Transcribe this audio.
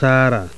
Sara